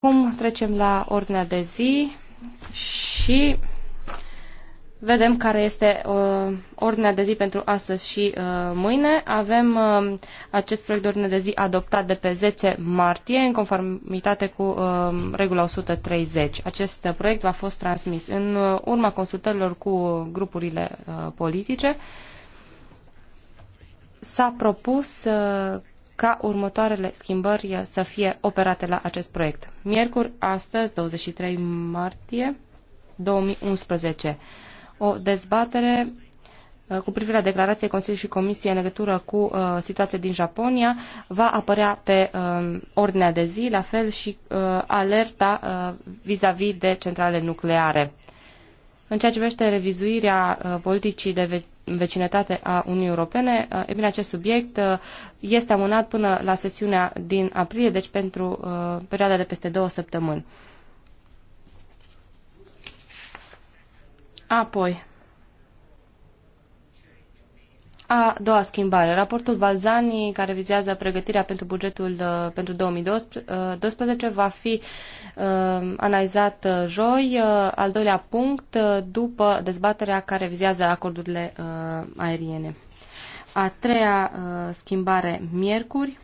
Acum trecem la ordinea de zi și vedem care este uh, ordinea de zi pentru astăzi și uh, mâine. Avem uh, acest proiect de ordine de zi adoptat de pe 10 martie în conformitate cu uh, regula 130. Acest uh, proiect va fost transmis în uh, urma consultărilor cu grupurile uh, politice. S-a propus uh, ca următoarele schimbări eh, să fie operate la acest proiect. Miercuri, astăzi, 23 martie 2011, o dezbatere eh, cu privire la declarației Consiliului și Comisiei în legătură cu uh, situația din Japonia va apărea pe uh, ordinea de zi, la fel și uh, alerta vis-a-vis -vis de centrale nucleare. În ceea ce privește revizuirea uh, politicii de vecinătate a Uniunii Europene, eh, e bine, acest subiect eh, este amânat până la sesiunea din aprilie, deci pentru eh, perioada de peste două săptămâni. Apoi, a doua schimbare, raportul Balzani, care vizează pregătirea pentru bugetul uh, pentru 2012, uh, va fi uh, analizat uh, joi, uh, al doilea punct, uh, după dezbaterea care vizează acordurile uh, aeriene. A treia uh, schimbare, miercuri,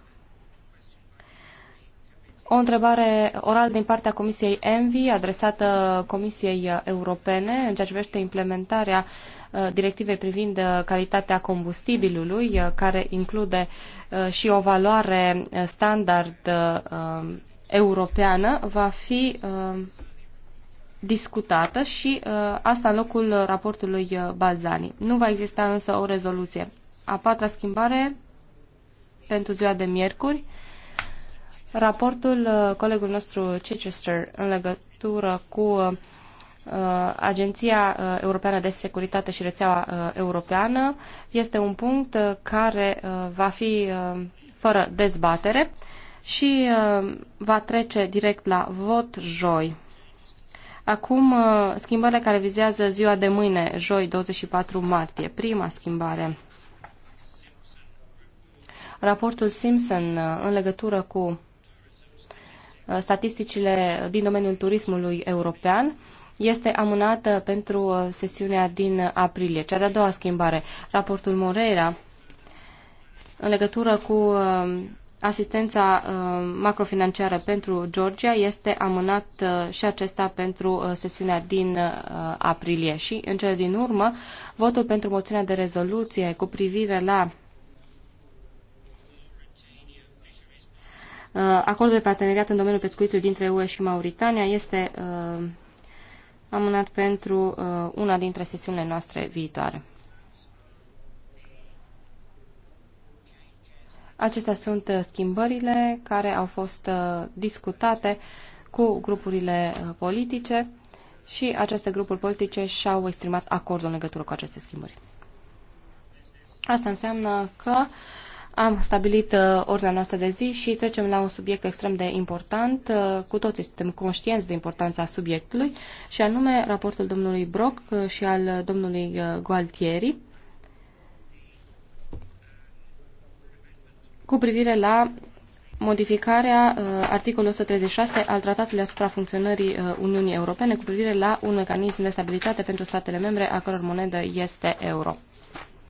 o întrebare oral din partea Comisiei ENVI adresată Comisiei Europene în ceea ce privește implementarea uh, directivei privind uh, calitatea combustibilului, uh, care include și o valoare standard europeană, va fi discutată și asta în locul raportului Balzani. Nu va exista însă o rezoluție. A patra schimbare pentru ziua de miercuri Raportul uh, colegul nostru Chichester în legătură cu uh, uh, Agenția Europeană de Securitate și Rețeaua Europeană este un punct care va fi fără dezbatere și va trece direct la vot joi. Acum, schimbările care vizează ziua de mâine, joi 24 martie, prima schimbare. Raportul Simpson în legătură cu Uh, statisticile din domeniul turismului european este amânată pentru uh, sesiunea din aprilie. Cea de-a doua schimbare, raportul Moreira, în legătură cu uh, asistența macrofinanciară pentru Georgia, este amânat și acesta pentru sesiunea din aprilie. Și, în cele din urmă, votul pentru moțiunea de rezoluție cu privire la Uh, acordul de parteneriat în domeniul pescuitului dintre UE și Mauritania este uh, amânat pentru uh, una dintre sesiunile noastre viitoare. Acestea sunt schimbările care au fost discutate cu grupurile politice și aceste grupuri politice și-au exprimat acordul în legătură cu aceste schimbări. Asta înseamnă că uh, am stabilit uh, ordinea noastră de zi și trecem la un subiect extrem de important. Uh, cu toții suntem conștienți de importanța subiectului și anume raportul domnului Brock uh, și al domnului Gualtieri cu privire la modificarea articolului 136 al Tratatului asupra funcționării Uniunii Europene cu privire la un mecanism de stabilitate pentru statele membre a căror monedă este euro.